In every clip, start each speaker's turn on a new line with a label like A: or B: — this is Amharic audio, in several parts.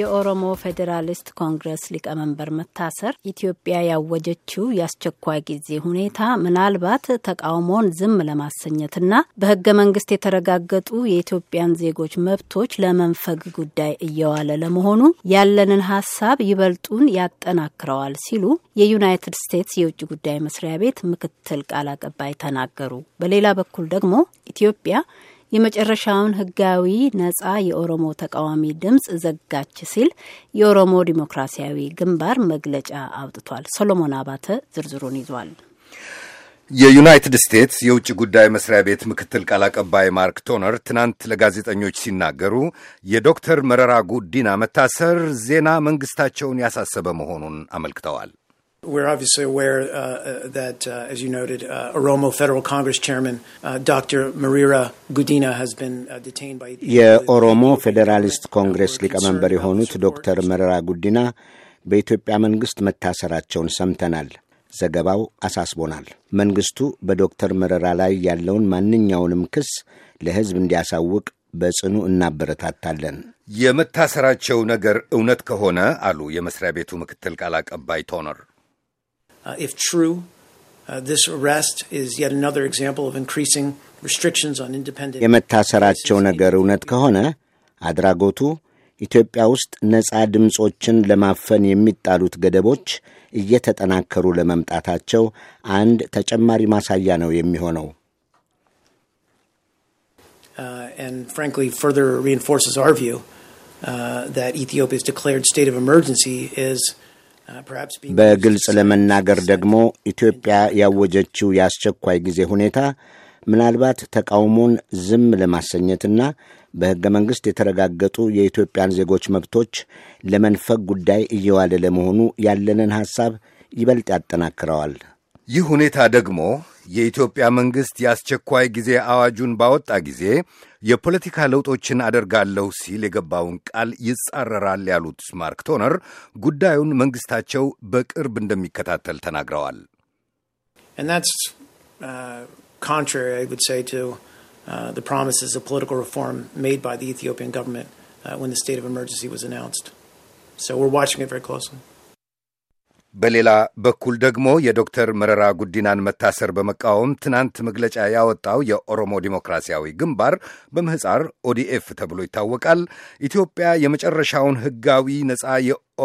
A: የኦሮሞ ፌዴራሊስት ኮንግረስ ሊቀመንበር መታሰር ኢትዮጵያ ያወጀችው የአስቸኳይ ጊዜ ሁኔታ ምናልባት ተቃውሞን ዝም ለማሰኘትና በህገ መንግስት የተረጋገጡ የኢትዮጵያን ዜጎች መብቶች ለመንፈግ ጉዳይ እየዋለ ለመሆኑ ያለንን ሀሳብ ይበልጡን ያጠናክረዋል ሲሉ የዩናይትድ ስቴትስ የውጭ ጉዳይ መስሪያ ቤት ምክትል ቃል አቀባይ ተናገሩ። በሌላ በኩል ደግሞ ኢትዮጵያ የመጨረሻውን ህጋዊ ነጻ የኦሮሞ ተቃዋሚ ድምፅ ዘጋች ሲል የኦሮሞ ዲሞክራሲያዊ ግንባር መግለጫ አውጥቷል። ሰሎሞን አባተ ዝርዝሩን ይዟል።
B: የዩናይትድ ስቴትስ የውጭ ጉዳይ መስሪያ ቤት ምክትል ቃል አቀባይ ማርክ ቶነር ትናንት ለጋዜጠኞች ሲናገሩ የዶክተር መረራ ጉዲና መታሰር ዜና መንግስታቸውን ያሳሰበ መሆኑን አመልክተዋል። We're obviously
A: aware uh, uh, that, uh, as you noted, uh, Oromo Federal Congress Chairman uh, Dr. Marira Gudina has been uh, detained by
C: Oromo የኦሮሞ ፌዴራሊስት ኮንግሬስ ሊቀመንበር የሆኑት ዶክተር መረራ ጉዲና በኢትዮጵያ መንግሥት መታሰራቸውን ሰምተናል። ዘገባው አሳስቦናል። መንግሥቱ በዶክተር መረራ ላይ ያለውን ማንኛውንም ክስ ለሕዝብ እንዲያሳውቅ በጽኑ እናበረታታለን።
B: የመታሰራቸው ነገር እውነት ከሆነ አሉ የመስሪያ ቤቱ ምክትል ቃል አቀባይ ቶነር
A: Uh, if true. Uh, this arrest is yet another example of increasing restrictions on independent.
C: የመታሰራቸው
A: uh, and frankly, further reinforces our view that Ethiopia's declared state of emergency is
C: በግልጽ ለመናገር ደግሞ ኢትዮጵያ ያወጀችው የአስቸኳይ ጊዜ ሁኔታ ምናልባት ተቃውሞን ዝም ለማሰኘትና በሕገ መንግሥት የተረጋገጡ የኢትዮጵያን ዜጎች መብቶች ለመንፈግ ጉዳይ እየዋለ ለመሆኑ ያለንን ሐሳብ ይበልጥ ያጠናክረዋል። ይህ ሁኔታ ደግሞ የኢትዮጵያ መንግሥት የአስቸኳይ ጊዜ
B: አዋጁን ባወጣ ጊዜ የፖለቲካ ለውጦችን አደርጋለሁ ሲል የገባውን ቃል ይጻረራል ያሉት ማርክ ቶነር ጉዳዩን መንግስታቸው በቅርብ እንደሚከታተል ተናግረዋል። ሪፎርም በሌላ በኩል ደግሞ የዶክተር መረራ ጉዲናን መታሰር በመቃወም ትናንት መግለጫ ያወጣው የኦሮሞ ዲሞክራሲያዊ ግንባር በምህፃር ኦዲኤፍ ተብሎ ይታወቃል። ኢትዮጵያ የመጨረሻውን ሕጋዊ ነፃ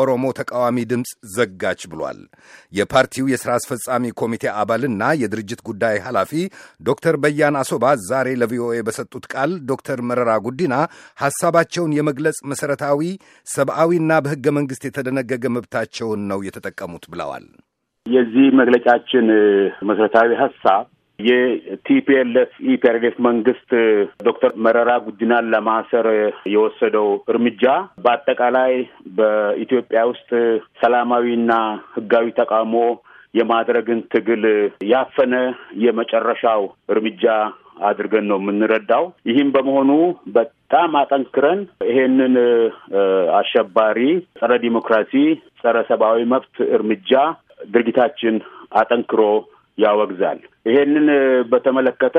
B: ኦሮሞ ተቃዋሚ ድምፅ ዘጋች ብሏል። የፓርቲው የሥራ አስፈጻሚ ኮሚቴ አባልና የድርጅት ጉዳይ ኃላፊ ዶክተር በያን አሶባ ዛሬ ለቪኦኤ በሰጡት ቃል ዶክተር መረራ ጉዲና ሐሳባቸውን የመግለጽ መሠረታዊ ሰብአዊና በሕገ መንግሥት የተደነገገ መብታቸውን ነው የተጠቀሙት ብለዋል።
A: የዚህ መግለጫችን መሠረታዊ ሐሳብ የቲፒኤልኤፍ ኢፒአርዴፍ መንግስት ዶክተር መረራ ጉዲናን ለማሰር የወሰደው እርምጃ በአጠቃላይ በኢትዮጵያ ውስጥ ሰላማዊና ህጋዊ ተቃውሞ የማድረግን ትግል ያፈነ የመጨረሻው እርምጃ አድርገን ነው የምንረዳው። ይህም በመሆኑ በጣም አጠንክረን ይሄንን አሸባሪ ጸረ ዲሞክራሲ፣ ጸረ ሰብአዊ መብት እርምጃ ድርጊታችን አጠንክሮ ያወግዛል። ይሄንን በተመለከተ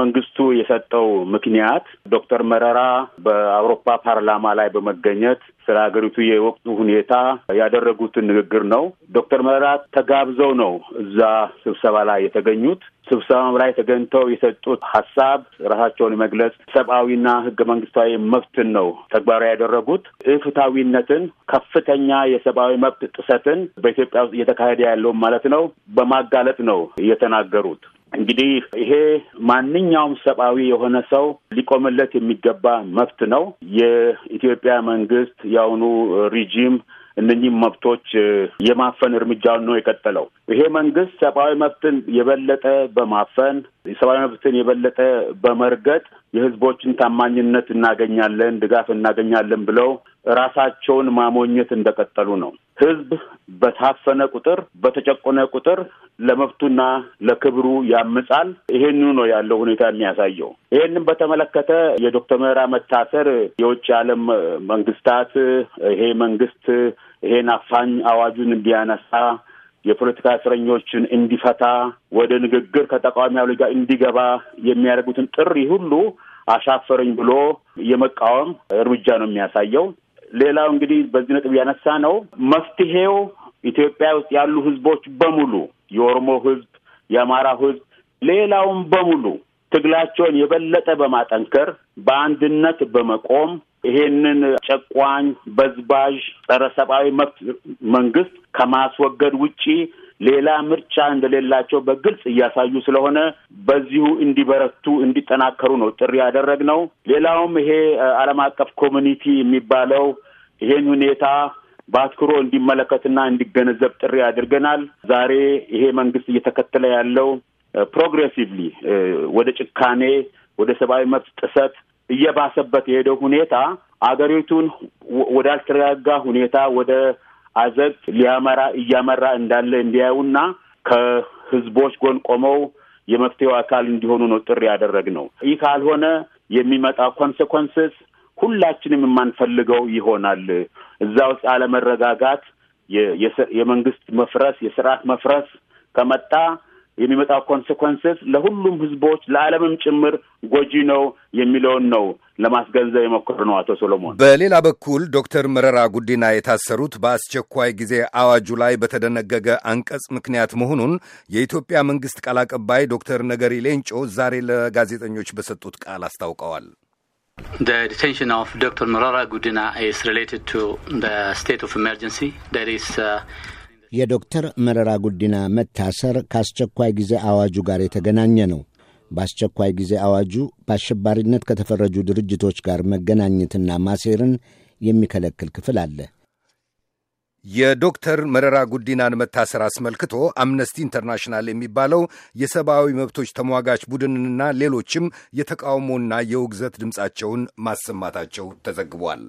A: መንግስቱ የሰጠው ምክንያት ዶክተር መረራ በአውሮፓ ፓርላማ ላይ በመገኘት ስለ ሀገሪቱ የወቅቱ ሁኔታ ያደረጉትን ንግግር ነው። ዶክተር መረራ ተጋብዘው ነው እዛ ስብሰባ ላይ የተገኙት። ስብሰባም ላይ ተገኝተው የሰጡት ሀሳብ ራሳቸውን የመግለጽ ሰብአዊና ህገ መንግስታዊ መብትን ነው ተግባራዊ ያደረጉት። ኢፍትሐዊነትን፣ ከፍተኛ የሰብአዊ መብት ጥሰትን በኢትዮጵያ ውስጥ እየተካሄደ ያለውን ማለት ነው በማጋለጥ ነው የተናገሩት። እንግዲህ ይሄ ማንኛውም ሰብአዊ የሆነ ሰው ሊቆምለት የሚገባ መብት ነው። የኢትዮጵያ መንግስት የአሁኑ ሪጂም እነኚህም መብቶች የማፈን እርምጃውን ነው የቀጠለው። ይሄ መንግስት ሰብአዊ መብትን የበለጠ በማፈን የሰብአዊ መብትን የበለጠ በመርገጥ የህዝቦችን ታማኝነት እናገኛለን፣ ድጋፍ እናገኛለን ብለው ራሳቸውን ማሞኘት እንደቀጠሉ ነው። ህዝብ በታፈነ ቁጥር በተጨቆነ ቁጥር ለመብቱና ለክብሩ ያምጻል። ይሄንኑ ነው ያለው ሁኔታ የሚያሳየው። ይሄንም በተመለከተ የዶክተር ምህራ መታሰር የውጭ ዓለም መንግስታት ይሄ መንግስት ይሄን አፋኝ አዋጁን እንዲያነሳ የፖለቲካ እስረኞችን እንዲፈታ ወደ ንግግር ከተቃዋሚ ኃይሎች ጋር እንዲገባ የሚያደርጉትን ጥሪ ሁሉ አሻፈረኝ ብሎ የመቃወም እርምጃ ነው የሚያሳየው። ሌላው እንግዲህ በዚህ ነጥብ ያነሳ ነው መፍትሄው ኢትዮጵያ ውስጥ ያሉ ህዝቦች በሙሉ የኦሮሞ ህዝብ፣ የአማራ ህዝብ፣ ሌላውም በሙሉ ትግላቸውን የበለጠ በማጠንከር በአንድነት በመቆም ይሄንን ጨቋኝ፣ በዝባዥ፣ ጸረ ሰብአዊ መብት መንግስት ከማስወገድ ውጪ ሌላ ምርጫ እንደሌላቸው በግልጽ እያሳዩ ስለሆነ በዚሁ እንዲበረቱ እንዲጠናከሩ ነው ጥሪ ያደረግነው። ሌላውም ይሄ ዓለም አቀፍ ኮሚኒቲ የሚባለው ይሄን ሁኔታ በአትኩሮ እንዲመለከትና እንዲገነዘብ ጥሪ አድርገናል። ዛሬ ይሄ መንግስት እየተከተለ ያለው ፕሮግሬሲቭሊ ወደ ጭካኔ፣ ወደ ሰብአዊ መብት ጥሰት እየባሰበት የሄደው ሁኔታ አገሪቱን ወዳልተረጋጋ ሁኔታ ወደ አዘቅት ሊያመራ እያመራ እንዳለ እንዲያዩና ከህዝቦች ጎን ቆመው የመፍትሄው አካል እንዲሆኑ ነው ጥሪ ያደረግነው። ይህ ካልሆነ የሚመጣ ኮንሴኮንስስ ሁላችንም የማንፈልገው ይሆናል። እዛ ውስጥ አለመረጋጋት፣ የመንግስት መፍረስ፣ የስርዓት መፍረስ ከመጣ የሚመጣው ኮንስኮንስስ ለሁሉም ህዝቦች ለዓለምም ጭምር ጎጂ ነው የሚለውን ነው ለማስገንዘብ የሞከሩ ነው አቶ ሶሎሞን።
B: በሌላ በኩል ዶክተር መረራ ጉዲና የታሰሩት በአስቸኳይ ጊዜ አዋጁ ላይ በተደነገገ አንቀጽ ምክንያት መሆኑን የኢትዮጵያ መንግስት ቃል አቀባይ ዶክተር ነገሪ ሌንጮ ዛሬ ለጋዜጠኞች በሰጡት ቃል አስታውቀዋል።
A: The detention of Dr. Marara Gudina is related to the state of emergency that is uh,
C: የዶክተር መረራ ጉዲና መታሰር ከአስቸኳይ ጊዜ አዋጁ ጋር የተገናኘ ነው። በአስቸኳይ ጊዜ አዋጁ በአሸባሪነት ከተፈረጁ ድርጅቶች ጋር መገናኘትና ማሴርን የሚከለክል ክፍል አለ።
B: የዶክተር መረራ ጉዲናን መታሰር አስመልክቶ አምነስቲ ኢንተርናሽናል የሚባለው የሰብአዊ መብቶች ተሟጋች ቡድንና ሌሎችም የተቃውሞና የውግዘት ድምፃቸውን ማሰማታቸው ተዘግቧል።